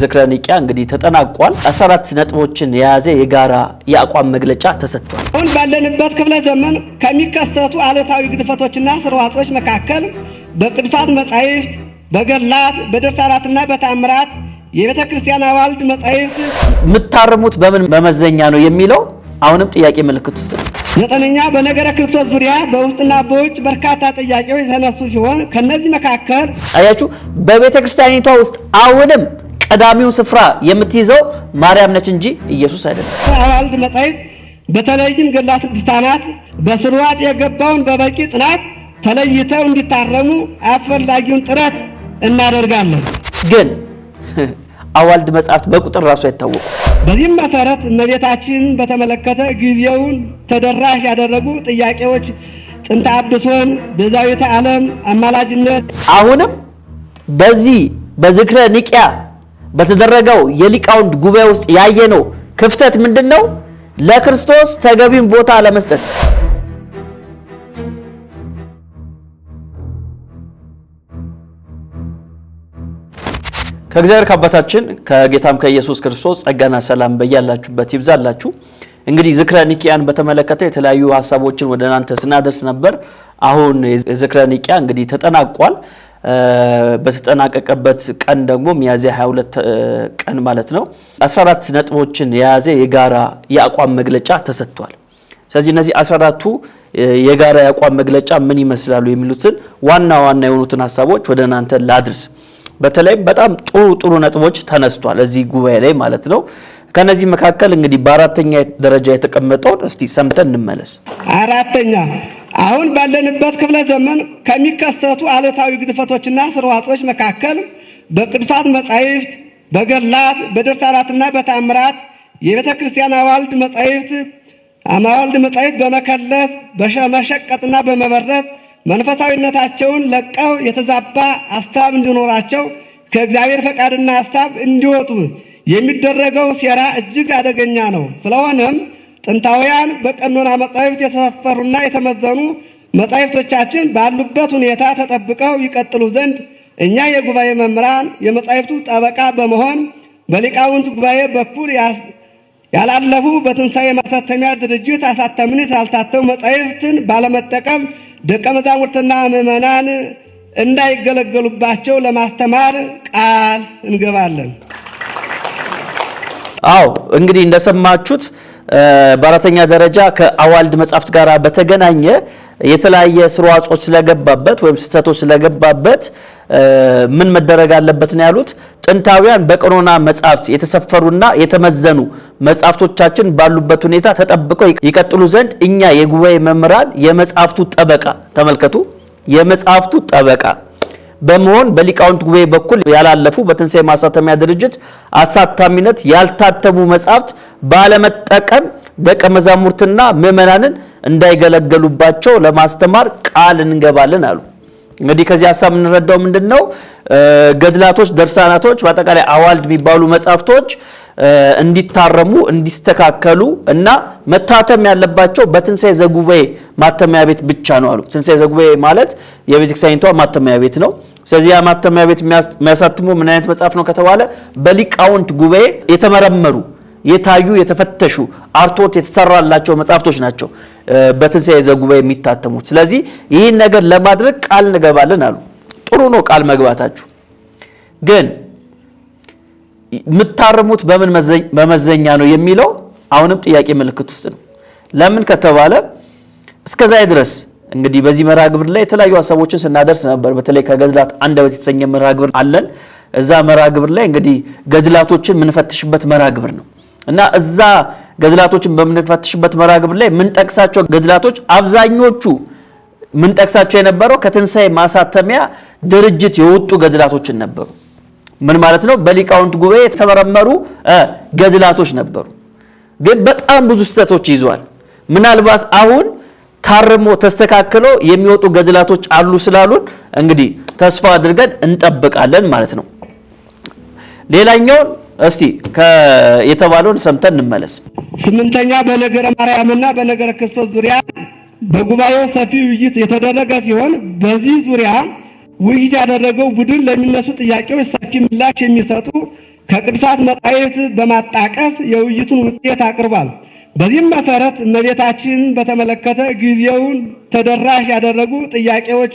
ዝክረ ኒቂያ እንግዲህ ተጠናቋል። 14 ነጥቦችን የያዘ የጋራ የአቋም መግለጫ ተሰጥቷል። አሁን ባለንበት ክፍለ ዘመን ከሚከሰቱ አለታዊ ግድፈቶችና ስርዋጾች መካከል በቅዱሳት መጻሕፍት፣ በገላት፣ በድርሳናትና በታምራት የቤተ ክርስቲያን አባልድ መጻሕፍት የምታርሙት በምን መመዘኛ ነው የሚለው አሁንም ጥያቄ ምልክት ውስጥ ነው። ዘጠነኛ በነገረ ክርስቶስ ዙሪያ በውስጥና በውጭ በርካታ ጥያቄዎች የተነሱ ሲሆን ከነዚህ መካከል አያችሁ በቤተ ክርስቲያኒቷ ውስጥ አሁንም ቀዳሚው ስፍራ የምትይዘው ማርያም ነች እንጂ ኢየሱስ አይደለም። አባልድ መጻሕፍት በተለይም ገድላት ቅዱሳናት በስርዓት የገባውን በበቂ ጥናት ተለይተው እንዲታረሙ አስፈላጊውን ጥረት እናደርጋለን ግን አዋልድ መጽሐፍት በቁጥር ራሱ አይታወቁ። በዚህም መሰረት እመቤታችንን በተመለከተ ጊዜውን ተደራሽ ያደረጉ ጥያቄዎች ጥንተ አብሶን፣ ቤዛዊተ ዓለም፣ አማላጅነት አሁንም በዚህ በዝክረ ኒቂያ በተደረገው የሊቃውንት ጉባኤ ውስጥ ያየነው ክፍተት ምንድን ነው? ለክርስቶስ ተገቢውን ቦታ ለመስጠት? ከእግዚአብሔር ከአባታችን ከጌታም ከኢየሱስ ክርስቶስ ጸጋና ሰላም በያላችሁበት ይብዛላችሁ። እንግዲህ ዝክረ ኒቅያን በተመለከተ የተለያዩ ሀሳቦችን ወደ እናንተ ስናደርስ ነበር። አሁን ዝክረ ኒቅያ እንግዲህ ተጠናቋል። በተጠናቀቀበት ቀን ደግሞ ሚያዝያ 22 ቀን ማለት ነው 14 ነጥቦችን የያዘ የጋራ የአቋም መግለጫ ተሰጥቷል። ስለዚህ እነዚህ 14ቱ የጋራ የአቋም መግለጫ ምን ይመስላሉ የሚሉትን ዋና ዋና የሆኑትን ሀሳቦች ወደ እናንተ ላድርስ። በተለይም በጣም ጥሩ ጥሩ ነጥቦች ተነስቷል እዚህ ጉባኤ ላይ ማለት ነው። ከነዚህ መካከል እንግዲህ በአራተኛ ደረጃ የተቀመጠውን እስቲ ሰምተን እንመለስ። አራተኛ አሁን ባለንበት ክፍለ ዘመን ከሚከሰቱ አለታዊ ግድፈቶችና ስርዋጾች መካከል በቅዱሳት መጻሕፍት፣ በገላት፣ በድርሳናትና በታምራት የቤተ ክርስቲያን አዋልድ መጻሕፍት አማዋልድ መጻሕፍት በመከለስ በመሸቀጥና በመበረት መንፈሳዊነታቸውን ለቀው የተዛባ ሐሳብ እንዲኖራቸው ከእግዚአብሔር ፈቃድና ሐሳብ እንዲወጡ የሚደረገው ሴራ እጅግ አደገኛ ነው። ስለሆነም ጥንታውያን በቀኖና መጻሕፍት የተሰፈሩና የተመዘኑ መጻሕፍቶቻችን ባሉበት ሁኔታ ተጠብቀው ይቀጥሉ ዘንድ እኛ የጉባኤ መምህራን የመጻሕፍቱ ጠበቃ በመሆን በሊቃውንት ጉባኤ በኩል ያላለፉ በትንሣኤ ማሳተሚያ ድርጅት አሳተምን ያልታተሙ መጻሕፍትን ባለመጠቀም ደቀ መዛሙርትና ምዕመናን እንዳይገለገሉባቸው ለማስተማር ቃል እንገባለን። አዎ እንግዲህ እንደሰማችሁት በአራተኛ ደረጃ ከአዋልድ መጻሕፍት ጋር በተገናኘ የተለያየ ስርዋጾች ስለገባበት ወይም ስህተቶች ስለገባበት ምን መደረግ አለበት ነው ያሉት። ጥንታውያን በቀኖና መጻሕፍት የተሰፈሩና የተመዘኑ መጻሕፍቶቻችን ባሉበት ሁኔታ ተጠብቀው ይቀጥሉ ዘንድ እኛ የጉባኤ መምህራን የመጻሕፍቱ ጠበቃ ተመልከቱ፣ የመጻሕፍቱ ጠበቃ በመሆን በሊቃውንት ጉባኤ በኩል ያላለፉ በትንሣኤ ማሳተሚያ ድርጅት አሳታሚነት ያልታተሙ መጻሕፍት ባለመጠቀም ደቀ መዛሙርትና ምዕመናንን እንዳይገለገሉባቸው ለማስተማር ቃል እንገባለን አሉ። እንግዲህ ከዚህ ሀሳብ የምንረዳው ምንድን ነው? ገድላቶች፣ ደርሳናቶች በአጠቃላይ አዋልድ የሚባሉ መጽሐፍቶች እንዲታረሙ እንዲስተካከሉ እና መታተም ያለባቸው በትንሣኤ ዘጉባኤ ማተሚያ ቤት ብቻ ነው አሉ። ትንሣኤ ዘጉባኤ ማለት የቤተ ክርስቲያኒቷ ማተሚያ ቤት ነው። ስለዚህ ያ ማተሚያ ቤት የሚያሳትሙ ምን አይነት መጽሐፍ ነው ከተባለ በሊቃውንት ጉባኤ የተመረመሩ የታዩ የተፈተሹ አርቶት የተሰራላቸው መጽሐፍቶች ናቸው በትንሣኤ ዘጉባኤ የሚታተሙት። ስለዚህ ይህን ነገር ለማድረግ ቃል እንገባለን አሉ። ጥሩ ነው ቃል መግባታችሁ፣ ግን የምታርሙት በምን መመዘኛ ነው የሚለው አሁንም ጥያቄ ምልክት ውስጥ ነው። ለምን ከተባለ እስከዛ ድረስ እንግዲህ በዚህ መርሃ ግብር ላይ የተለያዩ ሀሳቦችን ስናደርስ ነበር። በተለይ ከገድላት አንደበት የተሰኘ መርሃ ግብር አለን። እዛ መርሃ ግብር ላይ እንግዲህ ገድላቶችን የምንፈትሽበት መርሃ ግብር ነው። እና እዛ ገድላቶችን በምንፈትሽበት መራግብ ላይ የምንጠቅሳቸው ገድላቶች አብዛኞቹ ምንጠቅሳቸው የነበረው ከትንሣኤ ማሳተሚያ ድርጅት የወጡ ገድላቶችን ነበሩ። ምን ማለት ነው? በሊቃውንት ጉባኤ የተመረመሩ ገድላቶች ነበሩ። ግን በጣም ብዙ ስህተቶች ይዟል። ምናልባት አሁን ታርሞ ተስተካክሎ የሚወጡ ገድላቶች አሉ ስላሉን እንግዲህ ተስፋ አድርገን እንጠብቃለን ማለት ነው። ሌላኛውን እስቲ የተባለውን ሰምተን እንመለስ። ስምንተኛ በነገረ ማርያምና በነገረ ክርስቶስ ዙሪያ በጉባኤው ሰፊ ውይይት የተደረገ ሲሆን በዚህ ዙሪያ ውይይት ያደረገው ቡድን ለሚነሱ ጥያቄዎች ሰፊ ምላሽ የሚሰጡ ከቅዱሳት መጻሕፍት በማጣቀስ የውይይቱን ውጤት አቅርቧል። በዚህም መሰረት እመቤታችን በተመለከተ ጊዜውን ተደራሽ ያደረጉ ጥያቄዎች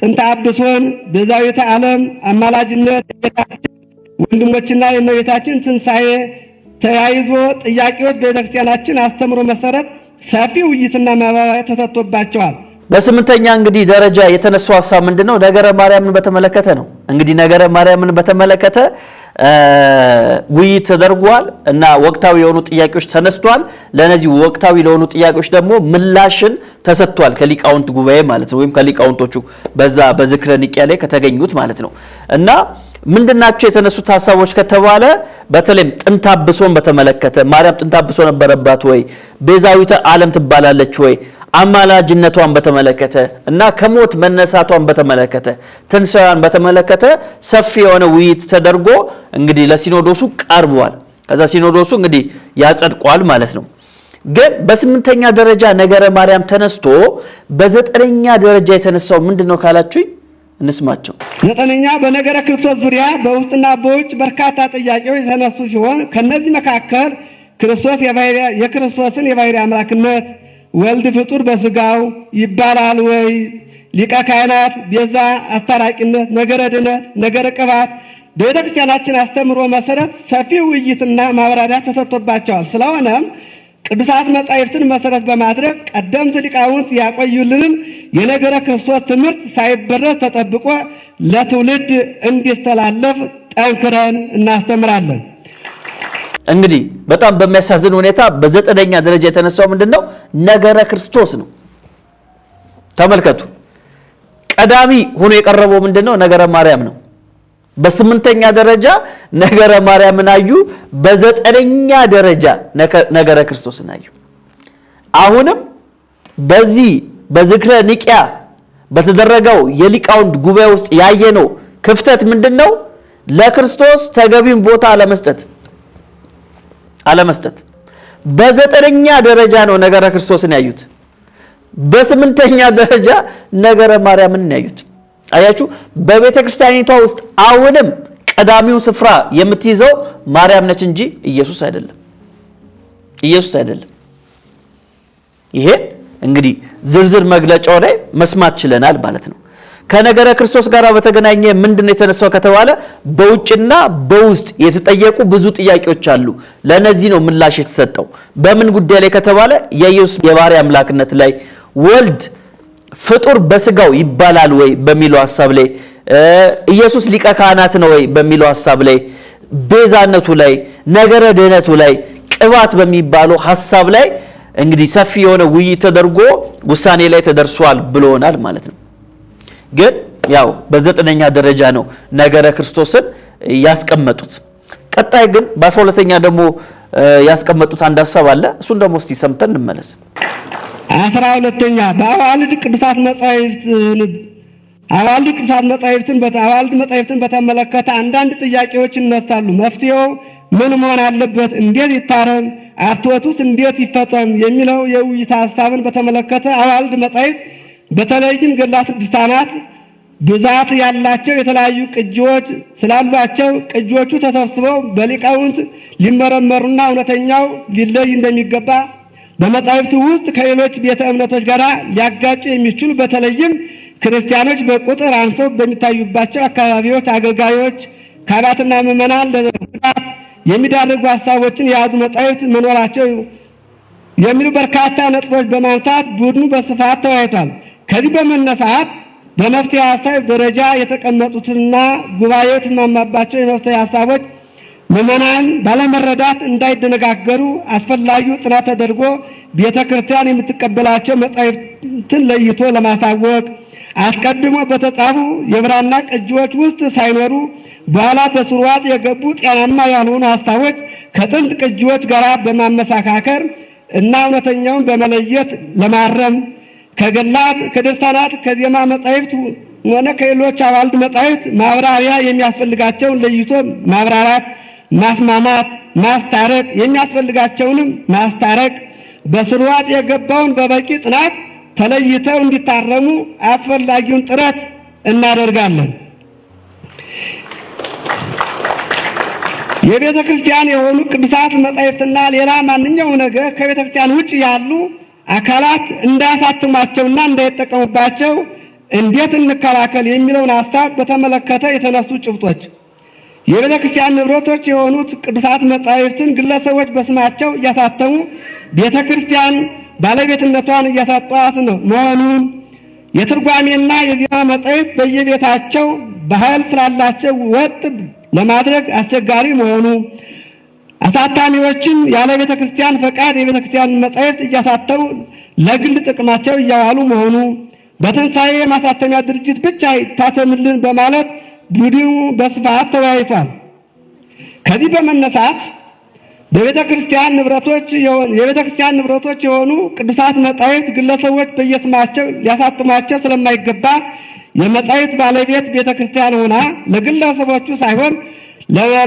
ጥንተ አብሶን፣ ቤዛዊተ ዓለም፣ አማላጅነት፣ ወንድሞችና የእመቤታችን ትንሣኤ ተያይዞ ጥያቄዎች ቤተክርስቲያናችን አስተምሮ መሰረት ሰፊ ውይይትና ማብራሪያ ተሰጥቶባቸዋል። በስምንተኛ እንግዲህ ደረጃ የተነሱ ሀሳብ ምንድን ነው? ነገረ ማርያምን በተመለከተ ነው። እንግዲህ ነገረ ማርያምን በተመለከተ ውይይት ተደርጓል እና ወቅታዊ የሆኑ ጥያቄዎች ተነስቷል። ለነዚህ ወቅታዊ ለሆኑ ጥያቄዎች ደግሞ ምላሽን ተሰጥቷል ከሊቃውንት ጉባኤ ማለት ነው፣ ወይም ከሊቃውንቶቹ በዛ በዝክረ ኒቅያ ላይ ከተገኙት ማለት ነው እና ምንድናቸው የተነሱት ሀሳቦች ከተባለ በተለይም አብሶን በተመለከተ ማርያም አብሶ ነበረባት ወይ፣ ቤዛዊተ ዓለም ትባላለች ወይ፣ አማላጅነቷን በተመለከተ እና ከሞት መነሳቷን በተመለከተ ትንሣኤዋን በተመለከተ ሰፊ የሆነ ውይይት ተደርጎ እንግዲህ ለሲኖዶሱ ቀርቧል። ከዛ ሲኖዶሱ እንግዲህ ያጸድቋል ማለት ነው። ግን በስምንተኛ ደረጃ ነገረ ማርያም ተነስቶ በዘጠነኛ ደረጃ የተነሳው ምንድን ነው ካላችሁኝ እንስማቸው። ዘጠነኛ በነገረ ክርስቶስ ዙሪያ በውስጥና በውጭ በርካታ ጥያቄዎች የተነሱ ሲሆን ከእነዚህ መካከል ክርስቶስ የክርስቶስን የባሕርይ አምላክነት ወልድ ፍጡር በሥጋው ይባላል ወይ፣ ሊቀ ካህናት፣ ቤዛ፣ አስታራቂነት፣ ነገረ ድነት፣ ነገረ ቅባት በቤተ ክርስቲያናችን አስተምሮ መሰረት ሰፊ ውይይትና ማብራሪያ ተሰጥቶባቸዋል። ስለሆነም ቅዱሳት መጻሕፍትን መሰረት በማድረግ ቀደምት ሊቃውንት ያቆዩልንን የነገረ ክርስቶስ ትምህርት ሳይበረዝ ተጠብቆ ለትውልድ እንዲስተላለፍ ጠንክረን እናስተምራለን። እንግዲህ በጣም በሚያሳዝን ሁኔታ በዘጠነኛ ደረጃ የተነሳው ምንድን ነው? ነገረ ክርስቶስ ነው። ተመልከቱ፣ ቀዳሚ ሆኖ የቀረበው ምንድን ነው? ነገረ ማርያም ነው። በስምንተኛ ደረጃ ነገረ ማርያምን አዩ። በዘጠነኛ ደረጃ ነገረ ክርስቶስን አዩ። አሁንም በዚህ በዝክረ ኒቂያ በተደረገው የሊቃውንት ጉባኤ ውስጥ ያየነው ክፍተት ምንድን ነው? ለክርስቶስ ተገቢውን ቦታ አለመስጠት አለመስጠት። በዘጠነኛ ደረጃ ነው ነገረ ክርስቶስን ያዩት። በስምንተኛ ደረጃ ነገረ ማርያምን ያዩት። አያችሁ በቤተ ክርስቲያኒቷ ውስጥ አሁንም ቀዳሚው ስፍራ የምትይዘው ማርያም ነች እንጂ ኢየሱስ አይደለም። ኢየሱስ አይደለም። ይሄ እንግዲህ ዝርዝር መግለጫው ላይ መስማት ችለናል ማለት ነው። ከነገረ ክርስቶስ ጋር በተገናኘ ምንድን የተነሳው ከተባለ በውጭና በውስጥ የተጠየቁ ብዙ ጥያቄዎች አሉ። ለነዚህ ነው ምላሽ የተሰጠው። በምን ጉዳይ ላይ ከተባለ የኢየሱስ የባህሪ አምላክነት ላይ ወልድ ፍጡር በስጋው ይባላል ወይ በሚለው ሀሳብ ላይ ኢየሱስ ሊቀ ካህናት ነው ወይ በሚለው ሀሳብ ላይ ቤዛነቱ ላይ ነገረ ድህነቱ ላይ ቅባት በሚባለው ሀሳብ ላይ እንግዲህ ሰፊ የሆነ ውይይት ተደርጎ ውሳኔ ላይ ተደርሷል ብሎናል ማለት ነው። ግን ያው በዘጠነኛ ደረጃ ነው ነገረ ክርስቶስን ያስቀመጡት። ቀጣይ ግን በአስራ ሁለተኛ ደግሞ ያስቀመጡት አንድ ሀሳብ አለ። እሱን ደግሞ እስቲ ሰምተን እንመለስ። አስራ ሁለተኛ በአዋልድ ቅዱሳት መጻሕፍትን አዋልድ ቅዱሳት መጻሕፍትን አዋልድ መጻሕፍትን በተመለከተ አንዳንድ ጥያቄዎች ይነሳሉ። መፍትሄው ምን መሆን አለበት? እንዴት ይታረም? አትወቱስ እንዴት ይፈጸም? የሚለው የውይይት ሀሳብን በተመለከተ አዋልድ መጻሕፍት በተለይም ገድላት ድርሳናት ብዛት ያላቸው የተለያዩ ቅጂዎች ስላሏቸው ቅጂዎቹ ተሰብስበው በሊቃውንት ሊመረመሩና እውነተኛው ሊለይ እንደሚገባ በመጻሕፍቱ ውስጥ ከሌሎች ቤተ እምነቶች ጋር ሊያጋጩ የሚችሉ በተለይም ክርስቲያኖች በቁጥር አንሰው በሚታዩባቸው አካባቢዎች አገልጋዮች፣ ካህናትና ምዕመናን ለጉዳት የሚዳርጉ ሀሳቦችን የያዙ መጻሕፍት መኖራቸው የሚሉ በርካታ ነጥቦች በማንሳት ቡድኑ በስፋት ተወያይቷል። ከዚህ በመነሳት በመፍትሄ ሀሳብ ደረጃ የተቀመጡትና ጉባኤው የተስማማባቸው የመፍትሄ ሀሳቦች ምዕመናን ባለመረዳት እንዳይደነጋገሩ አስፈላጊው ጥናት ተደርጎ ቤተ ክርስቲያን የምትቀበላቸው መጻሕፍትን ለይቶ ለማሳወቅ አስቀድሞ በተጻፉ የብራና ቅጂዎች ውስጥ ሳይኖሩ በኋላ በስርዓት የገቡ ጤናማ ያልሆኑ ሀሳቦች ከጥንት ቅጂዎች ጋር በማመሳካከር እና እውነተኛውን በመለየት ለማረም ከገላት፣ ከድርሳናት፣ ከዜማ መጻሕፍት ሆነ ከሌሎች አዋልድ መጻሕፍት ማብራሪያ የሚያስፈልጋቸውን ለይቶ ማብራራት ማስማማት፣ ማስታረቅ የሚያስፈልጋቸውንም ማስታረቅ በስርዋጥ የገባውን በበቂ ጥናት ተለይተው እንዲታረሙ አስፈላጊውን ጥረት እናደርጋለን። የቤተ ክርስቲያን የሆኑ ቅዱሳት መጻሕፍትና ሌላ ማንኛውም ነገር ከቤተ ክርስቲያን ውጭ ያሉ አካላት እንዳያሳትሟቸውና እንዳይጠቀሙባቸው እንዴት እንከላከል የሚለውን ሀሳብ በተመለከተ የተነሱ ጭብጦች የቤተ ክርስቲያን ንብረቶች የሆኑት ቅዱሳት መጻሕፍትን ግለሰቦች በስማቸው እያሳተሙ ቤተ ክርስቲያን ባለቤትነቷን እያሳጧት ነው መሆኑን የትርጓሜና የዜማ መጻሕፍት በየቤታቸው ባህል ስላላቸው ወጥ ለማድረግ አስቸጋሪ መሆኑ አሳታሚዎችም ያለ ቤተ ክርስቲያን ፈቃድ የቤተ ክርስቲያን መጻሕፍት እያሳተሙ ለግል ጥቅማቸው እያዋሉ መሆኑ በትንሣኤ ማሳተሚያ ድርጅት ብቻ ይታተምልን በማለት ቡድኑ በስፋት ተወያይቷል። ከዚህ በመነሳት የቤተ ክርስቲያን ንብረቶች የቤተ ክርስቲያን ንብረቶች የሆኑ ቅዱሳት መጻሕፍት ግለሰቦች በየስማቸው ሊያሳትሟቸው ስለማይገባ የመጻሕፍት ባለቤት ቤተ ክርስቲያን ሆና ለግለሰቦቹ ሳይሆን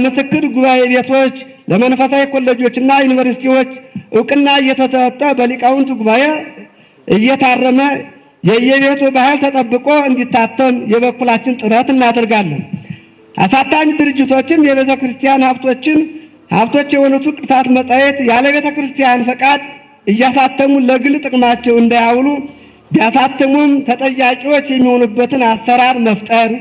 ለምስክር ጉባኤ ቤቶች፣ ለመንፈሳዊ ኮሌጆችና ዩኒቨርሲቲዎች እውቅና እየተሰጠ በሊቃውንቱ ጉባኤ እየታረመ የየቤቱ ባህል ተጠብቆ እንዲታተም የበኩላችን ጥረት እናደርጋለን። አሳታሚ ድርጅቶችም የቤተ ክርስቲያን ሀብቶችን ሀብቶች የሆኑት ቅርሳት መጻሕፍት ያለ ቤተ ክርስቲያን ፈቃድ እያሳተሙ ለግል ጥቅማቸው እንዳያውሉ ቢያሳተሙም ተጠያቂዎች የሚሆኑበትን አሰራር መፍጠር፣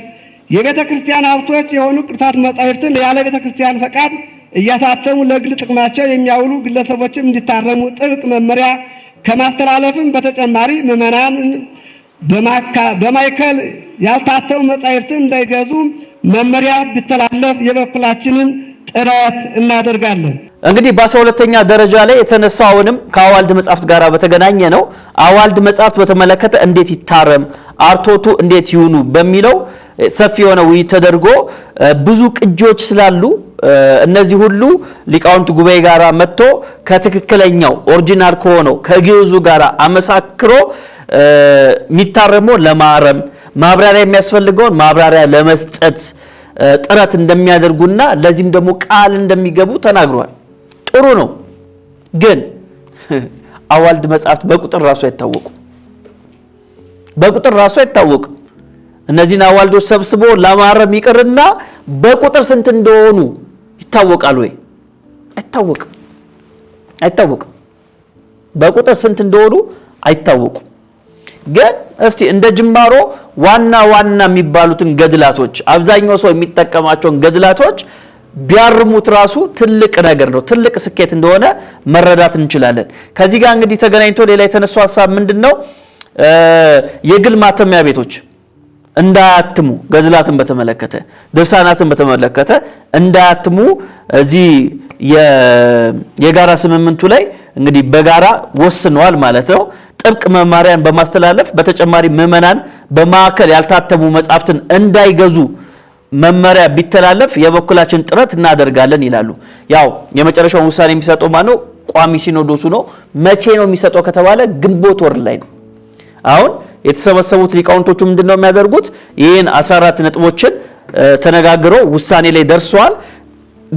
የቤተ ክርስቲያን ሀብቶች የሆኑ ቅርሳት መጻሕፍትን ያለ ቤተ ክርስቲያን ፈቃድ እያሳተሙ ለግል ጥቅማቸው የሚያውሉ ግለሰቦችም እንዲታረሙ ጥብቅ መመሪያ ከማስተላለፍም በተጨማሪ ምዕመናን በማይከል ያልታተሙ መጻሕፍትን እንዳይገዙ መመሪያ ቢተላለፍ የበኩላችንን ጥረት እናደርጋለን። እንግዲህ በአስራ ሁለተኛ ደረጃ ላይ የተነሳውንም ከአዋልድ መጻፍት ጋር በተገናኘ ነው። አዋልድ መጻሕፍት በተመለከተ እንዴት ይታረም፣ አርቶቱ እንዴት ይሁኑ በሚለው ሰፊ የሆነ ውይይት ተደርጎ ብዙ ቅጂዎች ስላሉ እነዚህ ሁሉ ሊቃውንት ጉባኤ ጋር መጥቶ ከትክክለኛው ኦሪጂናል ከሆነው ከግዕዙ ጋር አመሳክሮ የሚታረመው ለማረም ማብራሪያ የሚያስፈልገውን ማብራሪያ ለመስጠት ጥረት እንደሚያደርጉና ለዚህም ደግሞ ቃል እንደሚገቡ ተናግሯል። ጥሩ ነው። ግን አዋልድ መጽሐፍት በቁጥር ራሱ ይታወቁ በቁጥር ራሱ አይታወቅም። እነዚህን አዋልዶች ሰብስቦ ለማረም ይቅርና በቁጥር ስንት እንደሆኑ ይታወቃል ወይ? አይታወቅም። አይታወቅም። በቁጥር ስንት እንደሆኑ አይታወቁም። ግን እስቲ እንደ ጅማሮ ዋና ዋና የሚባሉትን ገድላቶች አብዛኛው ሰው የሚጠቀማቸውን ገድላቶች ቢያርሙት ራሱ ትልቅ ነገር ነው፣ ትልቅ ስኬት እንደሆነ መረዳት እንችላለን። ከዚህ ጋር እንግዲህ ተገናኝቶ ሌላ የተነሱ ሀሳብ ምንድን ነው? የግል ማተሚያ ቤቶች እንዳያትሙ ገዝላትን በተመለከተ ድርሳናትን በተመለከተ እንዳያትሙ እዚህ የጋራ ስምምንቱ ላይ እንግዲህ በጋራ ወስነዋል ማለት ነው። ጥብቅ መማሪያን በማስተላለፍ በተጨማሪ ምዕመናን በማዕከል ያልታተሙ መጽሐፍትን እንዳይገዙ መመሪያ ቢተላለፍ የበኩላችን ጥረት እናደርጋለን ይላሉ። ያው የመጨረሻውን ውሳኔ የሚሰጠው ማነው? ቋሚ ሲኖዶሱ ነው። መቼ ነው የሚሰጠው ከተባለ ግንቦት ወር ላይ ነው አሁን የተሰበሰቡት ሊቃውንቶቹ ምንድን ነው የሚያደርጉት? ይህን 14 ነጥቦችን ተነጋግረው ውሳኔ ላይ ደርሰዋል።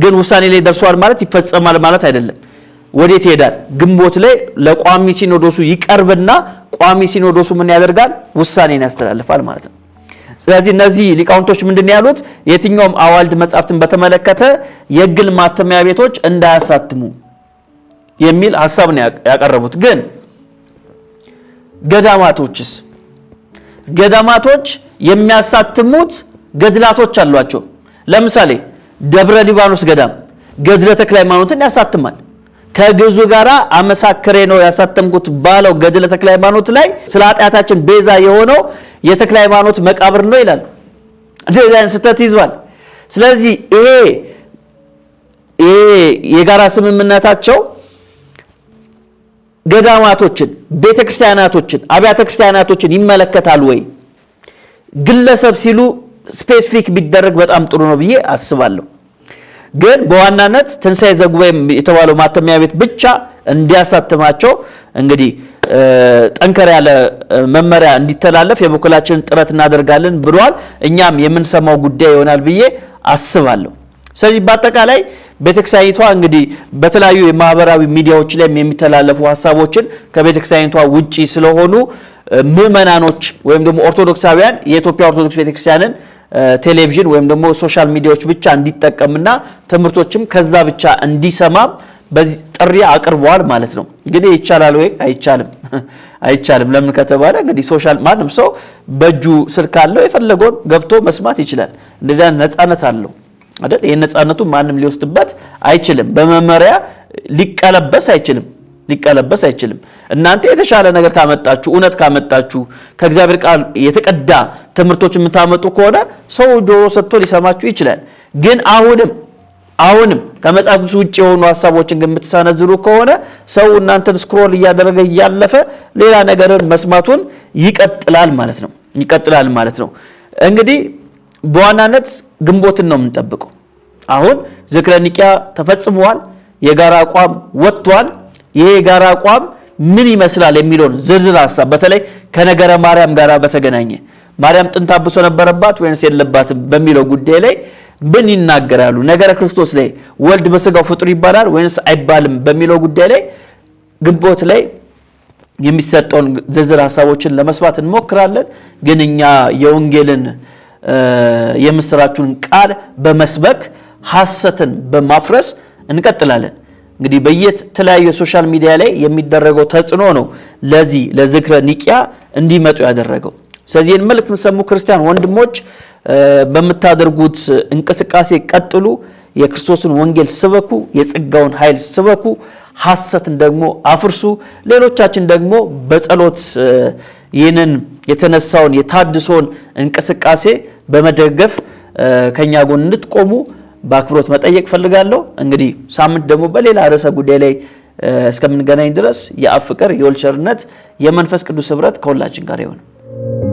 ግን ውሳኔ ላይ ደርሰዋል ማለት ይፈጸማል ማለት አይደለም። ወዴት ይሄዳል? ግንቦት ላይ ለቋሚ ሲኖዶሱ ይቀርብና ቋሚ ሲኖዶሱ ምን ያደርጋል? ውሳኔን ያስተላልፋል ማለት ነው። ስለዚህ እነዚህ ሊቃውንቶች ምንድን ያሉት? የትኛውም አዋልድ መጻሕፍትን በተመለከተ የግል ማተሚያ ቤቶች እንዳያሳትሙ የሚል ሀሳብ ነው ያቀረቡት። ግን ገዳማቶችስ ገዳማቶች የሚያሳትሙት ገድላቶች አሏቸው። ለምሳሌ ደብረ ሊባኖስ ገዳም ገድለ ተክለ ሃይማኖትን ያሳትማል። ከግዙ ጋራ አመሳክሬ ነው ያሳተምኩት ባለው ገድለ ተክለ ሃይማኖት ላይ ስለ ኃጢአታችን ቤዛ የሆነው የተክለ ሃይማኖት መቃብር ነው ይላል። እንደዚያን ስህተት ይዟል። ስለዚህ ይሄ የጋራ ስምምነታቸው ገዳማቶችን፣ ቤተ ክርስቲያናቶችን፣ አብያተ ክርስቲያናቶችን ይመለከታል ወይ? ግለሰብ ሲሉ ስፔሲፊክ ቢደረግ በጣም ጥሩ ነው ብዬ አስባለሁ። ግን በዋናነት ትንሣኤ ዘጉባኤ የተባለው ማተሚያ ቤት ብቻ እንዲያሳትማቸው እንግዲህ ጠንከር ያለ መመሪያ እንዲተላለፍ የበኩላችንን ጥረት እናደርጋለን ብለዋል። እኛም የምንሰማው ጉዳይ ይሆናል ብዬ አስባለሁ። ስለዚህ በአጠቃላይ ቤተክርስቲያኒቷ እንግዲህ በተለያዩ የማህበራዊ ሚዲያዎች ላይም የሚተላለፉ ሀሳቦችን ከቤተክርስቲያኒቷ ውጪ ስለሆኑ ምዕመናኖች ወይም ደግሞ ኦርቶዶክሳውያን የኢትዮጵያ ኦርቶዶክስ ቤተክርስቲያንን ቴሌቪዥን ወይም ደግሞ ሶሻል ሚዲያዎች ብቻ እንዲጠቀምና ትምህርቶችም ከዛ ብቻ እንዲሰማ በዚህ ጥሪ አቅርበዋል ማለት ነው። እንግዲህ ይቻላል ወይ? አይቻልም። አይቻልም። ለምን ከተባለ እንግዲህ ሶሻል ማንም ሰው በእጁ ስልክ አለው የፈለገውን ገብቶ መስማት ይችላል። እንደዚያ ነፃነት አለው። አይደል? ይህን ነፃነቱ ማንም ሊወስድበት አይችልም። በመመሪያ ሊቀለበስ አይችልም ሊቀለበስ አይችልም። እናንተ የተሻለ ነገር ካመጣችሁ እውነት ካመጣችሁ ከእግዚአብሔር ቃል የተቀዳ ትምህርቶች የምታመጡ ከሆነ ሰው ጆሮ ሰጥቶ ሊሰማችሁ ይችላል። ግን አሁንም አሁንም ከመጽሐፍ ቅዱስ ውጭ የሆኑ ሀሳቦችን ግን የምትሰነዝሩ ከሆነ ሰው እናንተን ስክሮል እያደረገ እያለፈ ሌላ ነገርን መስማቱን ይቀጥላል ማለት ነው ይቀጥላል ማለት ነው። እንግዲህ በዋናነት ግንቦትን ነው የምንጠብቀው አሁን ዝክረ ኒቂያ ተፈጽሟል። የጋራ አቋም ወጥቷል። ይሄ የጋራ አቋም ምን ይመስላል የሚለውን ዝርዝር ሀሳብ በተለይ ከነገረ ማርያም ጋር በተገናኘ ማርያም ጥንተ አብሶ ነበረባት ወይንስ የለባትም በሚለው ጉዳይ ላይ ምን ይናገራሉ? ነገረ ክርስቶስ ላይ ወልድ በስጋው ፍጡር ይባላል ወይንስ አይባልም በሚለው ጉዳይ ላይ ግንቦት ላይ የሚሰጠውን ዝርዝር ሀሳቦችን ለመስማት እንሞክራለን። ግን እኛ የወንጌልን የምስራቹን ቃል በመስበክ ሐሰትን በማፍረስ እንቀጥላለን። እንግዲህ በየተለያዩ የሶሻል ሚዲያ ላይ የሚደረገው ተጽዕኖ ነው ለዚህ ለዝክረ ኒቅያ እንዲመጡ ያደረገው። ስለዚህ ይህን መልእክት የምትሰሙ ክርስቲያን ወንድሞች በምታደርጉት እንቅስቃሴ ቀጥሉ፣ የክርስቶስን ወንጌል ስበኩ፣ የጸጋውን ኃይል ስበኩ፣ ሐሰትን ደግሞ አፍርሱ። ሌሎቻችን ደግሞ በጸሎት ይህንን የተነሳውን የታድሶን እንቅስቃሴ በመደገፍ ከእኛ ጎን እንድትቆሙ በአክብሮት መጠየቅ ፈልጋለሁ። እንግዲህ ሳምንት ደግሞ በሌላ ርዕሰ ጉዳይ ላይ እስከምንገናኝ ድረስ የአብ ፍቅር፣ የወልድ ቸርነት፣ የመንፈስ ቅዱስ ህብረት ከሁላችን ጋር ይሁን።